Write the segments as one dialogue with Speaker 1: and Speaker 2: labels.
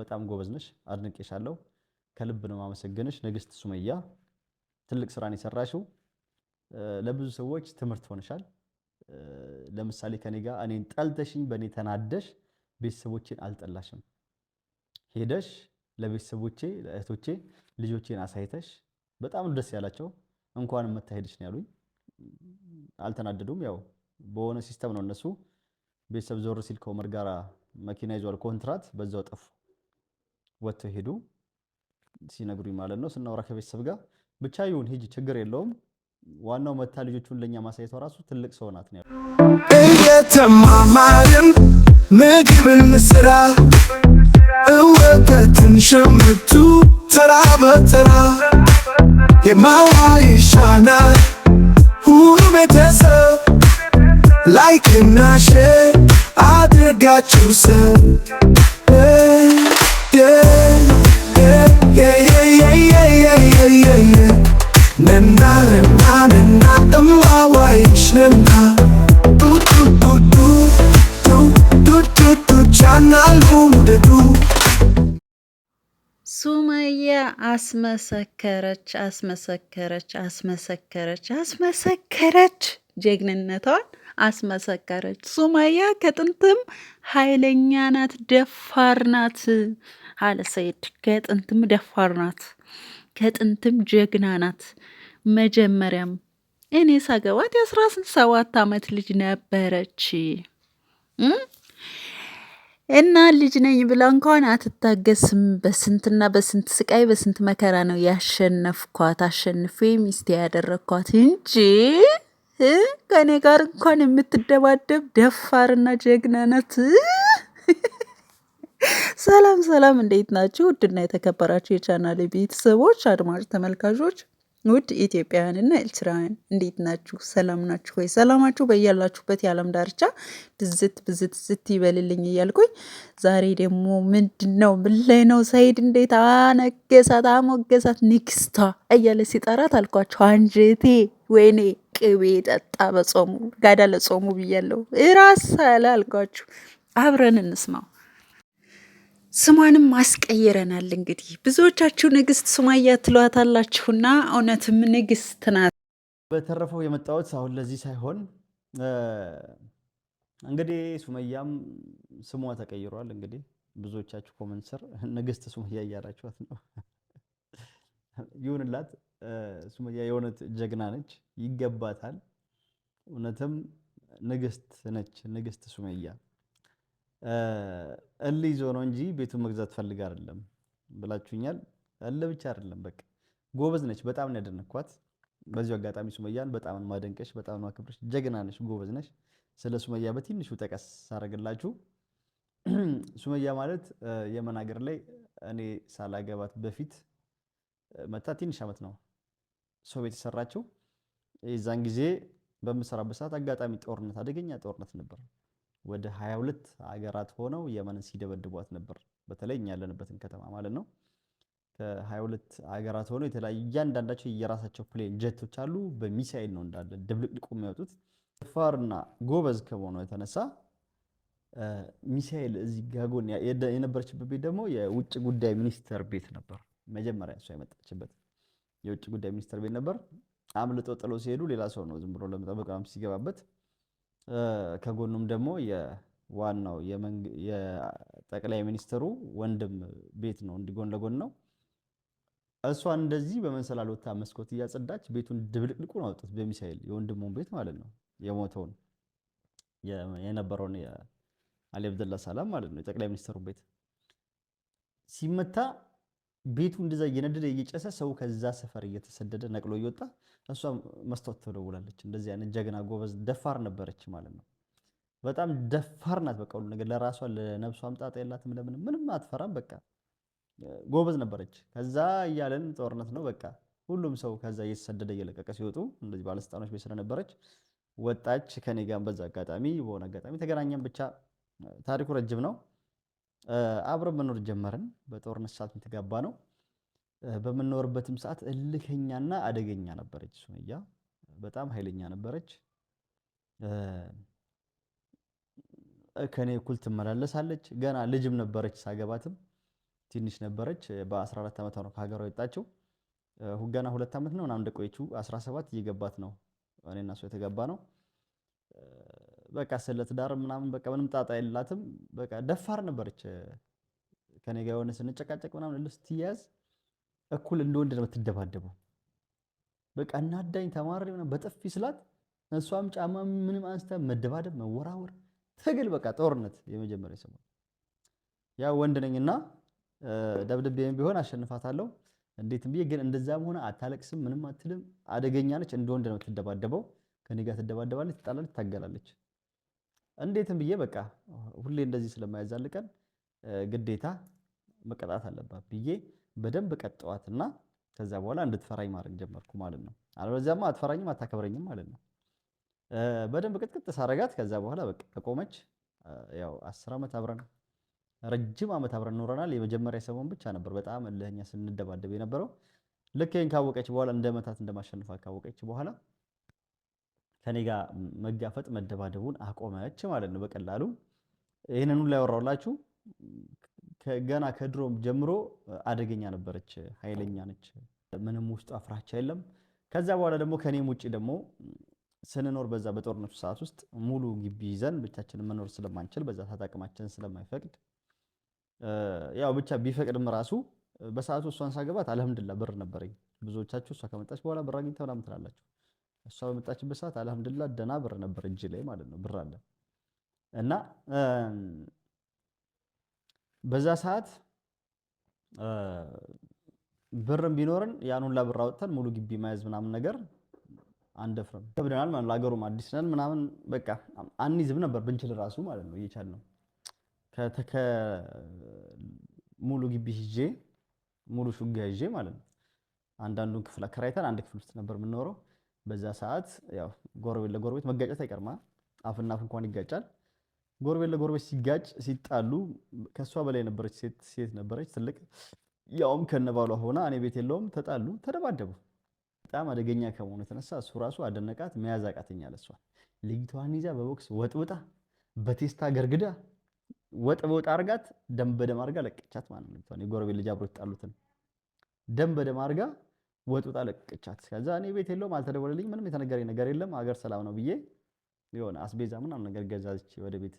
Speaker 1: በጣም ጎበዝ ነሽ፣ አድንቄሻለሁ። ከልብ ነው ማመሰግንሽ። ንግስት ሱመያ ትልቅ ስራን የሰራሽው ለብዙ ሰዎች ትምህርት ሆነሻል። ለምሳሌ ከኔ ጋር እኔን ጠልተሽኝ በእኔ ተናደሽ ቤተሰቦቼን አልጠላሽም። ሄደሽ ለቤተሰቦቼ ለእህቶቼ ልጆቼን አሳይተሽ በጣም ደስ ያላቸው እንኳን መታሄድሽ ነው ያሉኝ። አልተናደዱም። ያው በሆነ ሲስተም ነው እነሱ ቤተሰብ ዞር ሲል ከኦመር ጋር መኪና ይዟል ኮንትራት፣ በዛው ጠፉ። ወጥተው ሄዱ ሲነግሩኝ ማለት ነው። ስናወራ ከቤተሰብ ጋር ብቻ ይሁን ሂጂ፣ ችግር የለውም ዋናው መታ ልጆቹን ለእኛ ማሳየቷ ራሱ ትልቅ ሰው ናት ነው እየተማማርን ምግብን ስራ እወተትን ሸምቱ ተራ በተራ የማዋ ይሻናል ሁሉ ቤተሰብ ላይክና ሼር አድርጋችሁ
Speaker 2: ሰብ ሱመያ አስመሰከረች አስመሰከረች አስመሰከረች አስመሰከረች ጀግንነቷን አስመሰከረች። ሱመያ ከጥንትም ኃይለኛ ናት፣ ደፋር ናት። አለ ሰይድ። ከጥንትም ደፋር ናት፣ ከጥንትም ጀግና ናት። መጀመሪያም እኔ ሳገባት የአስራ ሰባት ዓመት ልጅ ነበረች እና ልጅ ነኝ ብላ እንኳን አትታገስም። በስንትና በስንት ስቃይ በስንት መከራ ነው ያሸነፍኳት፣ አሸንፌ ሚስቴ ያደረግኳት እንጂ ከእኔ ጋር እንኳን የምትደባደብ ደፋርና ጀግና ናት። ሰላም ሰላም፣ እንዴት ናችሁ? ውድና የተከበራችሁ የቻናል ቤተሰቦች፣ አድማጭ ተመልካቾች፣ ውድ ኢትዮጵያውያንና ኤርትራውያን እንዴት ናችሁ? ሰላም ናችሁ ወይ? ሰላማችሁ በያላችሁበት የዓለም ዳርቻ ብዝት ብዝት ዝት ይበልልኝ እያልኩኝ ዛሬ ደግሞ ምንድን ነው ምን ላይ ነው ሰኢድ እንዴት አነገሳት አሞገሳት ንግስቷ እያለ ሲጠራት አልኳቸው አንጀቴ ወይኔ ቅቤ ጠጣ በጾሙ ጋዳ ለጾሙ ብያለሁ። እራስ አለ አልኳችሁ። አብረን እንስማው ስሟንም አስቀይረናል። እንግዲህ ብዙዎቻችሁ ንግስት ሱማያ ትሏታላችሁና እውነትም ንግስት ናት።
Speaker 1: በተረፈው የመጣሁት አሁን ለዚህ ሳይሆን እንግዲህ ሱመያም ስሟ ተቀይሯል። እንግዲህ ብዙዎቻችሁ ኮመንት ስር ንግስት ሱመያ እያላችኋት ነው። ይሁንላት። ሱመያ የእውነት ጀግና ነች፣ ይገባታል። እውነትም ንግስት ነች፣ ንግስት ሱመያ እል ይዞ ነው እንጂ ቤቱን መግዛት ፈልግ አይደለም ብላችሁኛል። እል ብቻ አይደለም በቃ ጎበዝ ነች። በጣም ነው ያደነኳት። በዚሁ አጋጣሚ ሱመያን በጣም ማደንቀሽ፣ በጣም ማክብረሽ ጀግናነች ጀግና ነሽ፣ ጎበዝ ነሽ። ስለ ሱመያ በትንሹ ጠቀስ ሳረግላችሁ ሱመያ ማለት የመን ሀገር ላይ እኔ ሳላገባት በፊት መታ ትንሽ ዓመት ነው ሰው ቤት የሰራችው። የዛን ጊዜ በምሰራበት ሰዓት አጋጣሚ ጦርነት፣ አደገኛ ጦርነት ነበር። ወደ 22 ሀገራት ሆነው የመንን ሲደበድቧት ነበር። በተለይ እኛ ያለንበትን ከተማ ማለት ነው። ከ22 ሀገራት ሆነው የተለያዩ እያንዳንዳቸው የራሳቸው ፕሌን ጀቶች አሉ። በሚሳኤል ነው እንዳለ ድብልቅልቁ የሚያወጡት። ደፋርና ጎበዝ ከመሆኑ የተነሳ ሚሳኤል እዚህ ጋጎን የነበረችበት ቤት ደግሞ የውጭ ጉዳይ ሚኒስቴር ቤት ነበር። መጀመሪያ እሷ የመጣችበት የውጭ ጉዳይ ሚኒስቴር ቤት ነበር። አምልጦ ጥሎ ሲሄዱ ሌላ ሰው ነው ዝም ብሎ ለመጠበቅ ሲገባበት ከጎኑም ደግሞ የዋናው የጠቅላይ ሚኒስትሩ ወንድም ቤት ነው፣ እንዲጎን ለጎን ነው። እሷ እንደዚህ በመንሰላሎታ መስኮት እያጸዳች ቤቱን ድብልቅልቁን አወጡት በሚሳይል የወንድሙን ቤት ማለት ነው። የሞተውን የነበረውን የአሊ አብደላ ሰላም ማለት ነው የጠቅላይ ሚኒስትሩ ቤት ሲመታ ቤቱ እንደዛ እየነደደ እየጨሰ ሰው ከዛ ሰፈር እየተሰደደ ነቅሎ እየወጣ እሷ መስታወት ትደውላለች። እንደዚህ አይነት ጀግና ጎበዝ ደፋር ነበረች ማለት ነው። በጣም ደፋር ናት። በቃ ሁሉ ነገር ለራሷ ለነብሷ አምጣጣ የላትም። ለምን ምንም አትፈራም። በቃ ጎበዝ ነበረች። ከዛ እያለን ጦርነት ነው በቃ ሁሉም ሰው ከዛ እየተሰደደ እየለቀቀ ሲወጡ እንደዚህ ባለስልጣኖች ቤት ስለነበረች ወጣች። ከኔ ጋር በዛ አጋጣሚ በሆነ አጋጣሚ ተገናኘን። ብቻ ታሪኩ ረጅም ነው። አብረን መኖር ጀመርን። በጦርነት ሰዓት የተጋባ ነው። በምንኖርበትም ሰዓት እልከኛና አደገኛ ነበረች ሱመያ። በጣም ኃይለኛ ነበረች። ከኔ እኩል ትመላለሳለች። ገና ልጅም ነበረች፣ ሳገባትም ትንሽ ነበረች። በ14 ዓመቷ ነው ከሀገሯ የወጣችው። ገና ሁለት ዓመት ነው ምናምን እንደቆየችው 17 እየገባት ነው እኔና እሷ የተገባ ነው። በቃ ስለ ትዳር ምናምን በቃ ምንም ጣጣ የላትም። በቃ ደፋር ነበረች። ከኔ ጋር የሆነ ስንጨቃጨቅ ምናምን ስትያዝ እኩል እንደ ወንድ ነው የምትደባደበው። በቃ እናዳኝ ተማሪ በጥፊ ስላት እሷም ጫማ ምንም አንስተ መደባደብ፣ መወራወር፣ ትግል በቃ ጦርነት። የመጀመሪያ ሰው ያ ወንድ ነኝና ደብድቤም ቢሆን አሸንፋታለሁ። እንዴት ብዬ ግን እንደዛም ሆነ አታለቅስም፣ ምንም አትልም። አደገኛ ነች። እንደ ነው የምትደባደበው። ከኔ ጋር ትደባደባለች፣ ትጣላለች፣ ትታገላለች። እንዴትም ብዬ በቃ ሁሌ እንደዚህ ስለማያዛልቀን ግዴታ መቀጣት አለባት ብዬ በደንብ ቀጠዋት እና ከዛ በኋላ እንድትፈራኝ ማድረግ ጀመርኩ ማለት ነው። አለበለዚያማ አትፈራኝም አታከብረኝም ማለት ነው። በደንብ ቅጥቅጥ ሳረጋት ከዛ በኋላ በቃ ከቆመች ያው አስር ዓመት አብረን ረጅም ዓመት አብረን ኖረናል። የመጀመሪያ ሰሞን ብቻ ነበር በጣም እልህኛ ስንደባደብ የነበረው። ልክ ካወቀች በኋላ እንደመታት እንደማሸንፋት ካወቀች በኋላ ከኔ ጋር መጋፈጥ መደባደቡን አቆመች ማለት ነው በቀላሉ ይህንኑ ሁሉ ገና ከድሮም ጀምሮ አደገኛ ነበረች ኃይለኛ ነች ምንም ውስጡ አፍራች የለም ከዛ በኋላ ደግሞ ከኔም ውጭ ደግሞ ስንኖር በዛ በጦርነቱ ሰዓት ውስጥ ሙሉ ግቢ ይዘን ብቻችን መኖር ስለማንችል በዛ ሰዓት አቅማችን ስለማይፈቅድ ያው ብቻ ቢፈቅድም ራሱ በሰዓቱ እሷን ሳገባት አልሐምድላ ብር ነበረኝ ብዙዎቻችሁ እሷ ከመጣች በኋላ ብር አግኝተ ምናምን ትላላችሁ እሷ በመጣችበት ሰዓት አልሐምዱሊላ ደና ብር ነበር እጅ ላይ ማለት ነው፣ ብር አለ እና በዛ ሰዓት ብርም ቢኖርን ያን ሁላ ብር አወጥተን ሙሉ ግቢ መያዝ ምናምን ነገር አንደፍርም፣ ከብደናል ማለት ለአገሩም አዲስ ነን ምናምን በቃ አንይዝም ነበር ብንችል ራሱ ማለት ነው። እየቻል ነው ከተከ ሙሉ ግቢ ይዤ ሙሉ ሹጋ ይዤ ማለት ነው። አንዳንዱን ክፍል አከራይተን አንድ ክፍል ውስጥ ነበር የምንኖረው። በዛ ሰዓት ያው ጎረቤት ለጎረቤት መጋጨት አይቀርማ አፍና አፍ እንኳን ይጋጫል። ጎረቤት ለጎረቤት ሲጋጭ ሲጣሉ ከእሷ በላይ የነበረች ሴት ነበረች ትልቅ፣ ያውም ከነባሏ ሆና እኔ ቤት የለውም። ተጣሉ፣ ተደባደቡ። በጣም አደገኛ ከመሆኑ የተነሳ እሱ ራሱ አደነቃት፣ መያዝ አቃተኝ አለ። እሷ ልጅቷን ይዛ በቦክስ ወጥውጣ በቴስታ ገርግዳ ወጥ በወጥ አርጋት ደም በደም አርጋ ለቀቻት ማለት ነው። የጎረቤት ልጅ አብሮ ይጣሉትን ደም በደም አርጋ ወጡጣ ለቀቀቻት። ከዛ እኔ ቤት የለውም አልተደወለልኝ፣ ምንም የተነገረ ነገር የለም። አገር ሰላም ነው ብዬ የሆነ አስቤዛ ምናምን ነገር ገዛዝቼ ወደ ቤት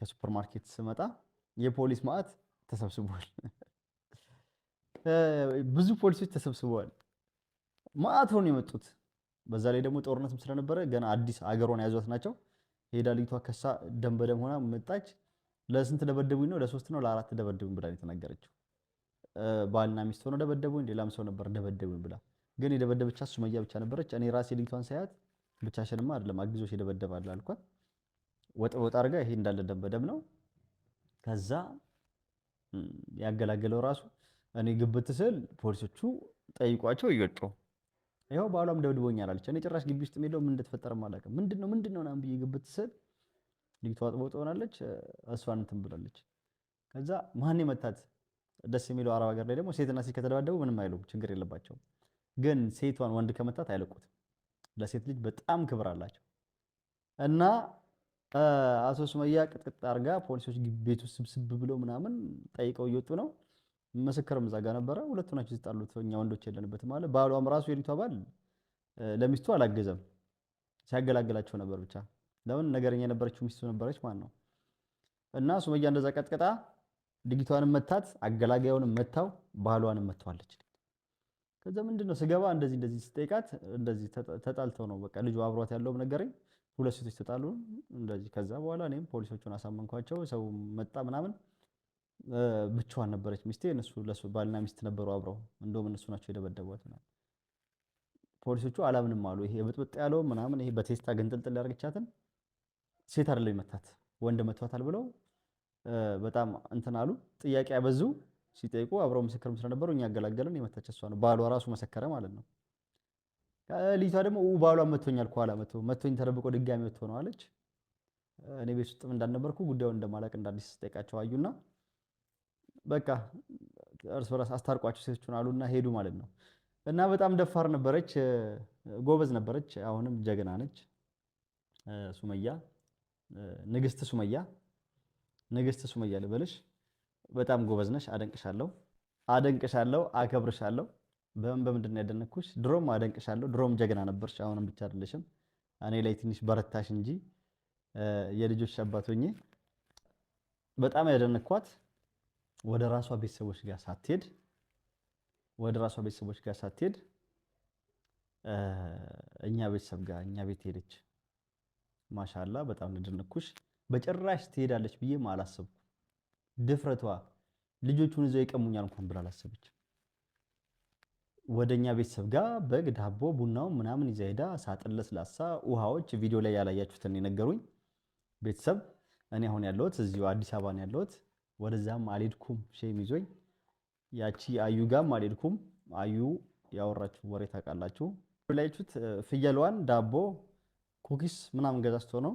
Speaker 1: ከሱፐር ማርኬት ስመጣ የፖሊስ ማዕት ተሰብስቧል። ብዙ ፖሊሶች ተሰብስበዋል። ማዕት ሆነው የመጡት በዛ ላይ ደግሞ ጦርነትም ስለነበረ ገና አዲስ አገሯን ያዟት ናቸው። ሄዳ ልጅቷ ከሳ ደም በደም ሆና መጣች። ለስንት ደበደቡኝ ነው? ለሶስት ነው ለአራት ደበደቡኝ ብላ የተናገረችው ባልና ሚስት ሆነው ደበደቡኝ፣ ሌላም ሰው ነበር ደበደቡኝ ብላ ግን የደበደበቻ ሱመያ ብቻ ነበረች። እኔ ራሴ ልጅቷን ሳያት ብቻሽንማ አይደለም አግዞሽ የደበደባል አልኳት። ወጥ ወጥ አድርጋ ይሄ እንዳለ ደበደብ ነው። ከዛ ያገላገለው ራሱ እኔ ግብት ስል ፖሊሶቹ ጠይቋቸው እየወጡ ይኸው ባሏም ደብድቦኛል አለች። እኔ ጭራሽ ግቢ ውስጥ የሚለው ምን እንደተፈጠረ አላውቅም። ምንድን ነው ምንድን ነው ብዬ ግብት ስል ልጅቷ አጥቦ ትሆናለች እሷን እንትን ብላለች። ከዛ ማን መታት ደስ የሚለው አረብ ሀገር ላይ ደግሞ ሴትና ሴት ከተደባደቡ ምንም አይሉም፣ ችግር የለባቸውም። ግን ሴቷን ወንድ ከመታት አይለቁትም። ለሴት ልጅ በጣም ክብር አላቸው። እና አቶ ሱመያ ቅጥቅጥ አድርጋ ፖሊሶች ቤቱ ስብስብ ብለው ምናምን ጠይቀው እየወጡ ነው። ምስክርም እዛ ጋ ነበረ። ሁለቱ ናቸው የተጣሉት፣ እኛ ወንዶች የለንበትም አለ። ባሏም ራሱ የልጅቷ ባል ለሚስቱ አላገዘም፣ ሲያገላግላቸው ነበር። ብቻ ለምን ነገረኛ የነበረችው ሚስቱ ነበረች ማለት ነው። እና ሱመያ እንደዛ ቀጥቅጣ ድጊቷንም መታት፣ አገላጋዩንም መታው፣ ባህሏንም መታዋለች። ከዛ ምንድን ነው ስገባ እንደዚህ እንደዚህ ስጠይቃት እንደዚህ ተጣልተው ነው በቃ ልጁ አብሯት ያለውም ነገረኝ። ሁለት ሴቶች ተጣሉ እንደዚህ። ከዛ በኋላ እኔም ፖሊሶቹን አሳመንኳቸው። ሰው መጣ ምናምን። ብቻዋን ነበረች ሚስቴ። እነሱ ለሱ ባልና ሚስት ነበሩ አብረው። እንደውም እነሱ ናቸው የደበደቧት ፖሊሶቹ አላምንም አሉ። ይሄ ብጥብጥ ያለው ምናምን ይሄ በቴስታ ገንጥልጥል ያደርግቻትን ሴት አይደለም መታት ወንድ መቷታል ብለው በጣም እንትን አሉ፣ ጥያቄ ያበዙ። ሲጠይቁ አብረው ምስክርም ስለነበሩ እኛ ያገላገለን የመታች እሷ ነው። ባሏ ራሱ መሰከረ ማለት ነው። ልጅቷ ደግሞ ባሏ መቶኛል፣ ከኋላ መቶ መቶኝ ተደብቆ ድጋሚ መቶ ነው አለች። እኔ ቤት ውስጥም እንዳልነበርኩ ጉዳዩን እንደማላቅ እንዳዲስ አዲስ ስጠይቃቸው አዩና በቃ እርስ በራስ አስታርቋቸው ሴቶቹን አሉና ሄዱ ማለት ነው። እና በጣም ደፋር ነበረች፣ ጎበዝ ነበረች፣ አሁንም ጀግና ነች። ሱመያ ንግስት ሱመያ ንግስት ሱመያ ልበልሽ። በጣም ጎበዝ ነሽ። አደንቅሻለሁ፣ አደንቅሻለሁ፣ አከብርሻለሁ። በምን በምንድን ነው ያደነኩሽ? ድሮም አደንቅሻለሁ። ድሮም ጀግና ነበርሽ። አሁንም ብቻ አይደለሽም። እኔ ላይ ትንሽ በረታሽ እንጂ የልጆች አባት ሆኜ በጣም ያደነኳት ወደ ራሷ ቤተሰቦች ጋር ሳትሄድ ወደ ራሷ ቤተሰቦች ጋር ሳትሄድ እኛ ቤተሰብ ጋር እኛ ቤት ሄደች። ማሻላ በጣም ያደነኩሽ። በጭራሽ ትሄዳለች ብዬ አላሰብኩም። ድፍረቷ ልጆቹን ይዘው ይቀሙኛል እንኳን ብላ አላሰበች። ወደኛ ቤተሰብ ጋር በግ ዳቦ ቡናው ምናምን ይዛ ሄዳ ሳጥን ለስላሳ ውሃዎች፣ ቪዲዮ ላይ ያላያችሁትን የነገሩኝ ቤተሰብ። እኔ አሁን ያለሁት እዚሁ አዲስ አበባ ነው ያለሁት። ወደዛም አልሄድኩም፣ ሼም ይዞኝ። ያቺ አዩ ጋም አልሄድኩም። አዩ ያወራችሁ ወሬ ታውቃላችሁ። ላይችሁት ፍየሏን ዳቦ ኩኪስ ምናምን ገዛስቶ ነው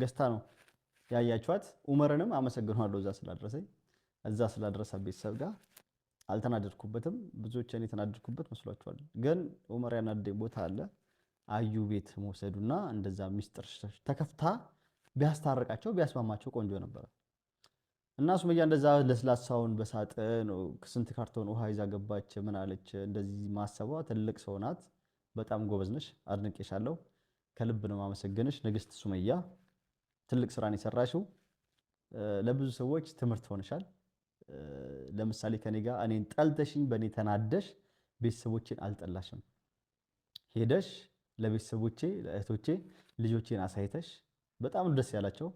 Speaker 1: ገዝታ ነው ያያችኋት። ኡመርንም አመሰግነዋለሁ እዛ ስላደረሰኝ እዛ ስላደረሰ ቤተሰብ ጋር አልተናደድኩበትም። ብዙዎች እኔ የተናደድኩበት መስሏችኋል፣ ግን ኡመር ያናደደኝ ቦታ አለ። አዩ ቤት መውሰዱና እንደዛ ሚስጥር ተከፍታ ቢያስታርቃቸው ቢያስማማቸው ቆንጆ ነበረ። እና ሱመያ እንደዛ ለስላሳውን በሳጥን ስንት ካርቶን ውሃ ይዛ ገባች። ምን አለች? እንደዚህ ማሰቧ ትልቅ ሰው ናት። በጣም ጎበዝ ነሽ፣ አድንቄሻለሁ። ከልብ ነው ማመሰግንሽ ንግስት ሱመያ። ትልቅ ስራን የሰራሽው ለብዙ ሰዎች ትምህርት ሆነሻል። ለምሳሌ ከኔ ጋር እኔን ጠልተሽኝ በእኔ ተናደሽ ቤተሰቦቼን አልጠላሽም። ሄደሽ ለቤተሰቦቼ ለእህቶቼ ልጆቼን አሳይተሽ በጣም ደስ ያላቸው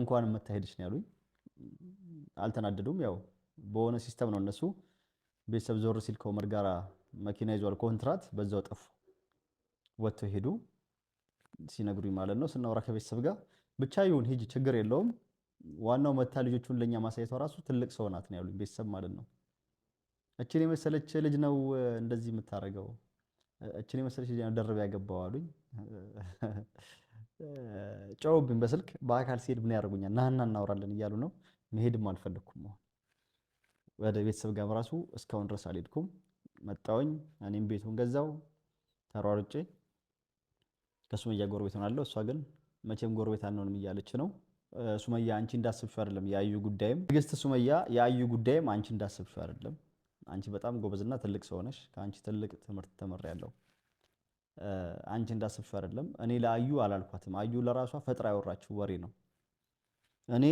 Speaker 1: እንኳን መታሄድሽ ነው ያሉኝ። አልተናደዱም። ያው በሆነ ሲስተም ነው እነሱ ቤተሰብ ዞር ሲል ከኦመር ጋር መኪና ይዟል ኮንትራት፣ በዛው ጠፉ፣ ወጥተው ሄዱ ሲነግሩኝ ማለት ነው ስናወራ ከቤተሰብ ጋር ብቻ ይሁን ሂጂ፣ ችግር የለውም። ዋናው መታ ልጆቹን ለእኛ ማሳየቷ ራሱ ትልቅ ሰው ናት ነው ያሉኝ ቤተሰብ ማለት ነው። እችን የመሰለች ልጅ ነው እንደዚህ የምታደርገው፣ እችን የመሰለች ልጅ ነው ደርብ ያገባው አሉኝ። ጨውብኝ በስልክ በአካል ሲሄድ ምን ያደርጉኛል? ናህና እናወራለን እያሉ ነው። መሄድም አልፈለግኩም። ወደ ቤተሰብ ጋር ራሱ እስካሁን ድረስ አልሄድኩም። መጣውኝ እኔም ቤቱን ገዛው ተሯርጬ ከሱም እያጎረቤት ሆናለሁ። እሷ ግን መቼም ጎረቤት አንሆንም እያለች ነው። ሱመያ አንቺ እንዳስብሽው አይደለም የአዩ ጉዳይም ትዕግስት ሱመያ የአዩ ጉዳይም አንቺ እንዳስብሽ አይደለም። አንቺ በጣም ጎበዝና ትልቅ ሰው ነሽ። ከአንቺ ትልቅ ትምህርት ተምሬያለሁ። አንቺ እንዳስብሽው አይደለም። እኔ ለአዩ አላልኳትም። አዩ ለራሷ ፈጥራ ያወራችው ወሬ ነው። እኔ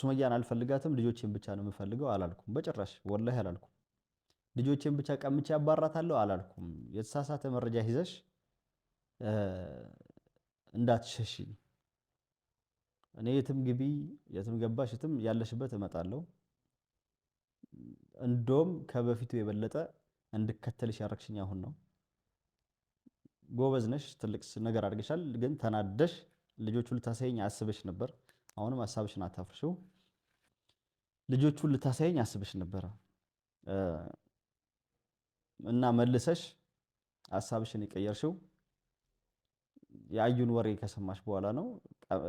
Speaker 1: ሱመያን አልፈልጋትም ልጆቼን ብቻ ነው የምፈልገው አላልኩም። በጭራሽ ወላሂ አላልኩም። ልጆቼን ብቻ ቀምቼ ያባራታለሁ አላልኩም። የተሳሳተ መረጃ ይዘሽ እንዳትሸሽኝ እኔ የትም ግቢ የትም ገባሽ የትም ያለሽበት እመጣለሁ። እንዶም ከበፊቱ የበለጠ እንድከተልሽ ያረግሽኝ አሁን ነው። ጎበዝ ነሽ፣ ትልቅ ነገር አድርገሻል። ግን ተናደሽ ልጆቹን ልታሳየኝ አስበሽ ነበር። አሁንም ሀሳብሽን አታፍርሽው። ልጆቹን ልታሳየኝ አስበሽ ነበረ እና መልሰሽ ሀሳብሽን የቀየርሽው የአዩን ወሬ ከሰማች በኋላ ነው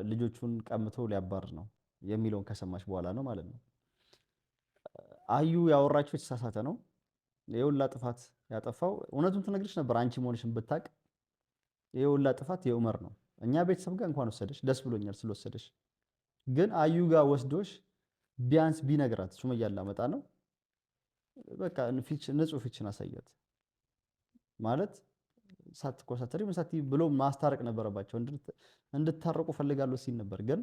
Speaker 1: ልጆቹን ቀምቶ ሊያባር ነው የሚለውን ከሰማች በኋላ ነው ማለት ነው። አዩ ያወራችው የተሳሳተ ነው። የሁላ ጥፋት ያጠፋው እውነቱን ትነግርሽ ነበር አንቺ መሆንሽን ብታቅ። የሁላ ጥፋት የዑመር ነው። እኛ ቤተሰብ ጋር እንኳን ወሰደሽ ደስ ብሎኛል ስለወሰደሽ፣ ግን አዩ ጋር ወስዶሽ ቢያንስ ቢነግራት ሱመያ ላመጣ ነው በቃ ንጹህ ፊችን አሳያት ማለት ሳትኮሳተሪ መሳት ብሎ ማስታረቅ ነበረባቸው። እንድታረቁ ፈልጋለሁ ሲል ነበር። ግን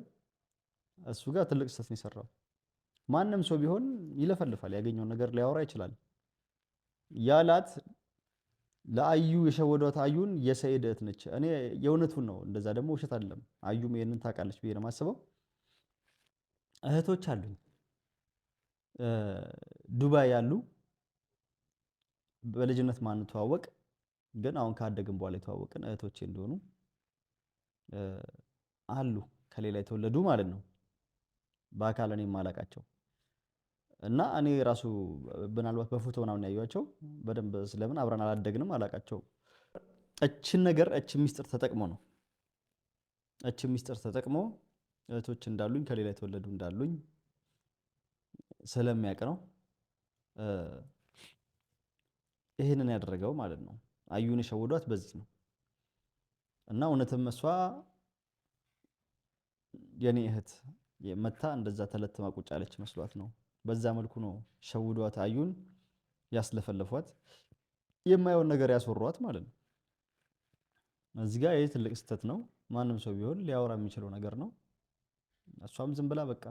Speaker 1: እሱ ጋር ትልቅ ስህተት ነው የሰራው። ማንም ሰው ቢሆን ይለፈልፋል፣ ያገኘውን ነገር ሊያወራ ይችላል። ያላት ለአዩ የሸወዷት አዩን የሰኢድ እህት ነች። እኔ የእውነቱን ነው፣ እንደዛ ደግሞ ውሸት አይደለም። አዩም ይሄንን ታውቃለች ብዬ ነው የማስበው። እህቶች አሉኝ ዱባይ ያሉ በልጅነት ማንተዋወቅ ግን አሁን ካደግን በኋላ የተዋወቅን እህቶቼ እንደሆኑ አሉ ከሌላ የተወለዱ ማለት ነው። በአካል እኔ የማላቃቸው እና እኔ ራሱ ምናልባት በፎቶ ምናምን ያዩቸው በደንብ ስለምን አብረን አላደግንም አላቃቸው። እችን ነገር እችን ሚስጥር ተጠቅሞ ነው እችን ሚስጥር ተጠቅሞ እህቶች እንዳሉኝ ከሌላ የተወለዱ እንዳሉኝ ስለሚያውቅ ነው ይህንን ያደረገው ማለት ነው። አዩን የሸወዷት በዚህ ነው። እና እውነትም እሷ የኔ እህት መታ እንደዛ ተለትማ ቁጭ ያለች መስሏት ነው። በዛ መልኩ ነው ሸውዷት አዩን ያስለፈለፏት፣ የማየውን ነገር ያስወሯት ማለት ነው። እዚህ ጋር ይህ ትልቅ ስህተት ነው። ማንም ሰው ቢሆን ሊያወራ የሚችለው ነገር ነው። እሷም ዝም ብላ በቃ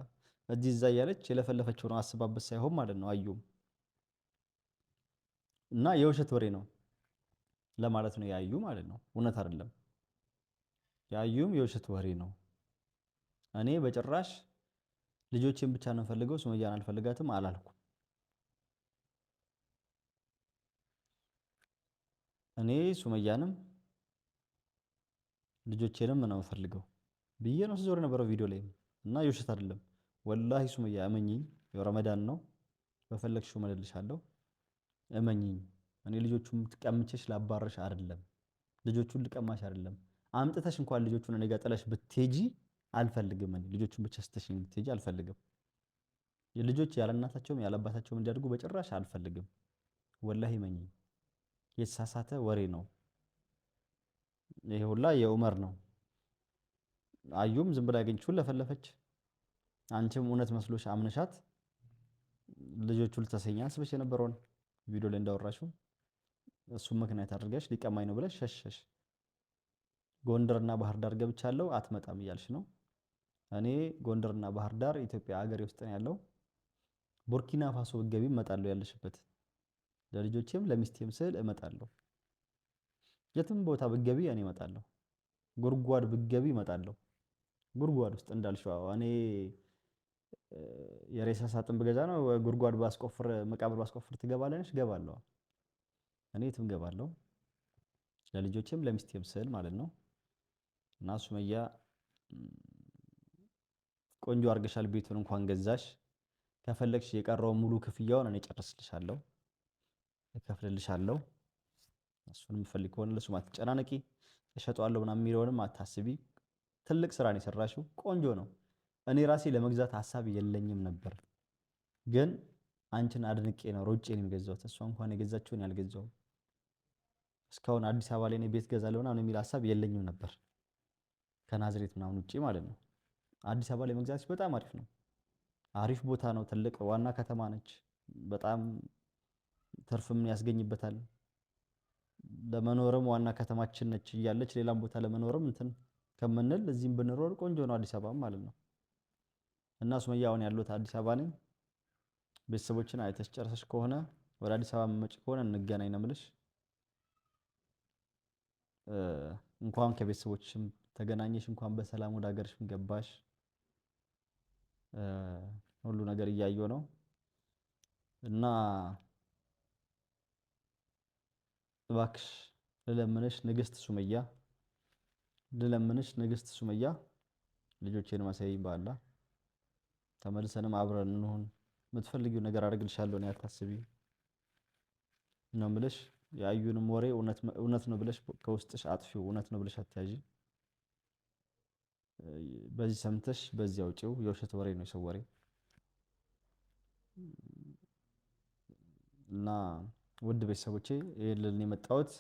Speaker 1: እዚህ እዛ እያለች የለፈለፈችው ነው አስባበት ሳይሆን ማለት ነው። አዩም እና የውሸት ወሬ ነው። ለማለት ነው። ያዩ ማለት ነው። እውነት አይደለም። ያዩም የውሸት ወሬ ነው። እኔ በጭራሽ ልጆችን ብቻ ነው ፈልገው ሱመያን አልፈልጋትም አላልኩም። እኔ ሱመያንም ልጆቼንም ነው ፈልገው ብዬ ነው ስዞር የነበረው ቪዲዮ ላይ እና የውሸት አይደለም። ወላሂ ሱመያ እመኝኝ፣ ረመዳን ነው በፈለግሽው መልልሻለሁ፣ እመኝኝ እኔ ልጆቹን ትቀምቸሽ ላባረሽ አይደለም፣ ልጆቹን ልቀማሽ አይደለም። አምጥተሽ እንኳን ልጆቹን እኔ ጋር ጥለሽ ብትሄጂ አልፈልግም። እኔ ልጆቹን ብቻ ስትሽኝ ብትሄጂ አልፈልግም። ልጆች ያለ እናታቸውም ያለ አባታቸውም እንዲያድጉ በጭራሽ አልፈልግም። ወላሂ መኝ የተሳሳተ ወሬ ነው። ይሄ ሁላ ነው። አዩም ዝም ብላ ያገኘችውን ለፈለፈች። አንቺም እውነት መስሎሽ አምነሻት ልጆቹ ልታሰኛ አስበሽ የነበረውን ቪዲዮ ላይ እንዳወራሽው እሱ ምክንያት አድርገሽ ሊቀማኝ ነው ብለሽ ሸሸሽ። ጎንደርና ባህር ዳር ገብቻለሁ አትመጣም እያልሽ ነው። እኔ ጎንደርና ባህር ዳር ኢትዮጵያ ሀገሬ ውስጥ ነው ያለው። ቡርኪና ፋሶ ብትገቢ እመጣለሁ ያለሽበት፣ ለልጆቼም ለሚስቴም ስል እመጣለሁ። የትም ቦታ ብትገቢ እኔ እመጣለሁ። ጉድጓድ ብትገቢ እመጣለሁ። ጉርጓድ ውስጥ እንዳልሽው እኔ የሬሳ ሳጥን ብገዛ ነው ጉርጓድ ባስቆፍር መቃብር ባስቆፍር ትገባለሽ፣ እገባለሁ። እኔ የትም ገባለሁ ለልጆችም ለሚስቴም ስል ማለት ነው። እና ሱመያ ቆንጆ አድርገሻል፣ ቤቱን እንኳን ገዛሽ። ከፈለግሽ የቀረው ሙሉ ክፍያውን እኔ ጨርስልሻለሁ፣ እከፍልልሻለሁ። እሱን የምፈልግ ከሆነ ለሱም አትጨናነቂ፣ እሸጠዋለሁ ምናምን የሚለውንም አታስቢ። ትልቅ ስራ ነው የሰራሽው፣ ቆንጆ ነው። እኔ ራሴ ለመግዛት ሀሳብ የለኝም ነበር፣ ግን አንቺን አድንቄ ነው ሮጬ ነው የገዛሁት። እሷ እንኳን የገዛችውን ያልገዛውም። እስካሁን አዲስ አበባ ላይ ቤት ገዛለሁ ምናምን የሚል ሀሳብ የለኝም ነበር ከናዝሬት ምናምን ውጭ ማለት ነው። አዲስ አበባ ላይ መግዛት በጣም አሪፍ ነው። አሪፍ ቦታ ነው። ትልቅ ዋና ከተማ ነች። በጣም ትርፍም ያስገኝበታል። ለመኖርም ዋና ከተማችን ነች እያለች ሌላም ቦታ ለመኖርም እንትን ከምንል እዚህም ብንኖር ቆንጆ ነው አዲስ አበባ ማለት ነው። እና ሱመያ አሁን ያለሁት አዲስ አበባ ነኝ። ቤተሰቦችን አይተሽ ጨርሰሽ ከሆነ ወደ አዲስ አበባ መጭ ከሆነ እንገናኝ ነው የምልሽ። እንኳን ከቤተሰቦችም ተገናኘሽ፣ እንኳን በሰላም ወደ ሀገርሽም ገባሽ። ሁሉ ነገር እያየሁ ነው እና እባክሽ ልለምንሽ ንግስት ሱመያ ልለምንሽ ንግስት ሱመያ ልጆቼን ማሳይኝ ባላ ተመልሰንም አብረን እንሁን። የምትፈልጊው ነገር አድርግልሻለሁ፣ አታስቢ ነው የምልሽ። ያዩንም ወሬ እውነት ነው ብለሽ ከውስጥሽ አጥፊው፣ እውነት ነው ብለሽ አትያዢ። በዚህ ሰምተሽ በዚህ አውጪው። የውሸት ወሬ ነው የሰው ወሬ እና ውድ ቤተሰቦቼ ይህን ልል የመጣሁት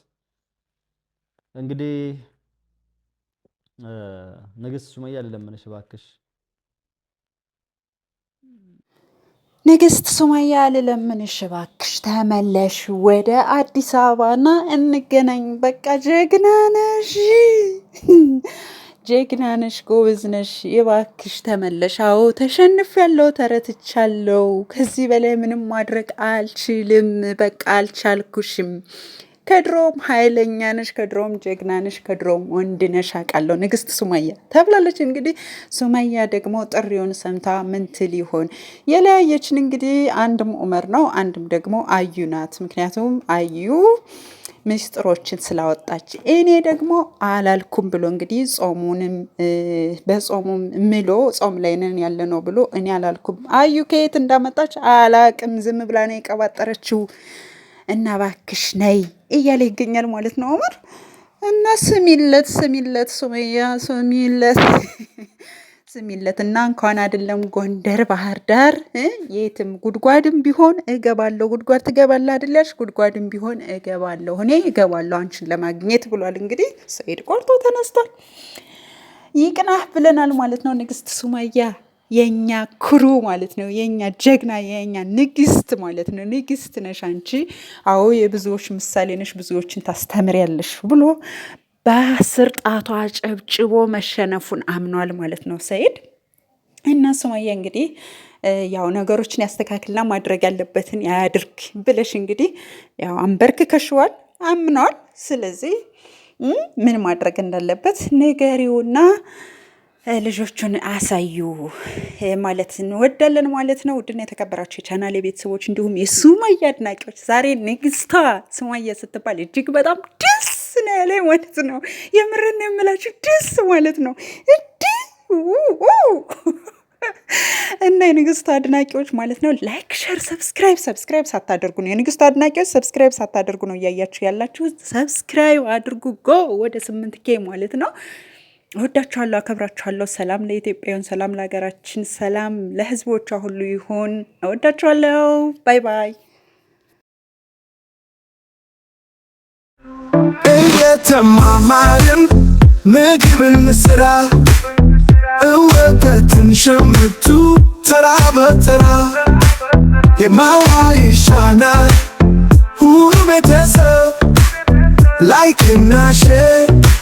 Speaker 1: እንግዲህ ንግስት ሱመያ ልለምንሽ እባክሽ
Speaker 2: ንግስት ሱመያ ልለምንሽ እባክሽ ተመለሽ ወደ አዲስ አበባና እንገናኝ። በቃ ጀግና ነሽ፣ ጀግና ነሽ፣ ጎበዝ ነሽ። እባክሽ ተመለሽ። አዎ ያለው ተረትቻለው። ከዚህ በላይ ምንም ማድረግ አልችልም። በቃ አልቻልኩሽም። ከድሮም ኃይለኛ ነሽ፣ ከድሮም ጀግና ነሽ፣ ከድሮም ወንድ ነሽ አውቃለሁ ንግስት ሱመያ ተብላለች። እንግዲህ ሱመያ ደግሞ ጥሪውን ሰምታ ምን ትል ይሆን? የለያየችን እንግዲህ አንድም ኡመር ነው፣ አንድም ደግሞ አዩ ናት። ምክንያቱም አዩ ምስጢሮችን ስላወጣች እኔ ደግሞ አላልኩም ብሎ እንግዲህ ጾሙንም በጾሙም ምሎ ጾም ላይ ነን ያለ ነው ብሎ እኔ አላልኩም አዩ ከየት እንዳመጣች አላቅም፣ ዝም ብላ ነው የቀባጠረችው እና ባክሽ ነይ እያለ ይገኛል ማለት ነው ኦመር እና ስሚለት ስሚለት ሱመያ ስሚለት ስሚለት እና እንኳን አይደለም ጎንደር፣ ባህር ዳር የትም ጉድጓድም ቢሆን እገባለሁ። ጉድጓድ ትገባለህ አይደለሽ? ጉድጓድም ቢሆን እገባለሁ፣ እኔ እገባለሁ አንቺን ለማግኘት ብሏል። እንግዲህ ሰኢድ ቆርጦ ተነስቷል። ይቅናህ ብለናል ማለት ነው ንግስት ሱመያ የእኛ ክሩ ማለት ነው። የእኛ ጀግና፣ የእኛ ንግስት ማለት ነው። ንግስት ነሽ አንቺ። አዎ የብዙዎች ምሳሌ ነሽ፣ ብዙዎችን ታስተምሪያለሽ ብሎ በአስር ጣቷ ጨብጭቦ መሸነፉን አምኗል ማለት ነው ሰኢድ እና ሱመያ እንግዲህ ያው ነገሮችን ያስተካክልና ማድረግ ያለበትን ያድርግ ብለሽ እንግዲህ ያው ከሽዋል አምኗል። ስለዚህ ምን ማድረግ እንዳለበት ንገሪውና ልጆቹን አሳዩ ማለት እንወዳለን ማለት ነው። ውድና የተከበራቸው የቻናል የቤተሰቦች እንዲሁም የሱማያ አድናቂዎች ዛሬ ንግስቷ ሱማያ ስትባል እጅግ በጣም ደስ ነው ያለ ማለት ነው። የምርን የምላችሁ ደስ ማለት ነው እዲ እና የንግስቷ አድናቂዎች ማለት ነው ላይክ፣ ሸር፣ ሰብስክራይብ ሰብስክራይብ ሳታደርጉ ነው የንግስቷ አድናቂዎች ሰብስክራይብ ሳታደርጉ ነው እያያችሁ ያላችሁ። ሰብስክራይብ አድርጉ። ጎ ወደ ስምንት ኬ ማለት ነው እወዳችኋለሁ፣ አከብራችኋለሁ። ሰላም ለኢትዮጵያውያን፣ ሰላም ለሀገራችን፣ ሰላም ለህዝቦቿ ሁሉ ይሁን። እወዳችኋለሁ። ባይ ባይ። እየተማማርን ምግብን ስራ እወተትን ሸምቱ ተራ በተራ የማዋ ይሻናል ሁሉ ቤተሰብ ላይክና ሼር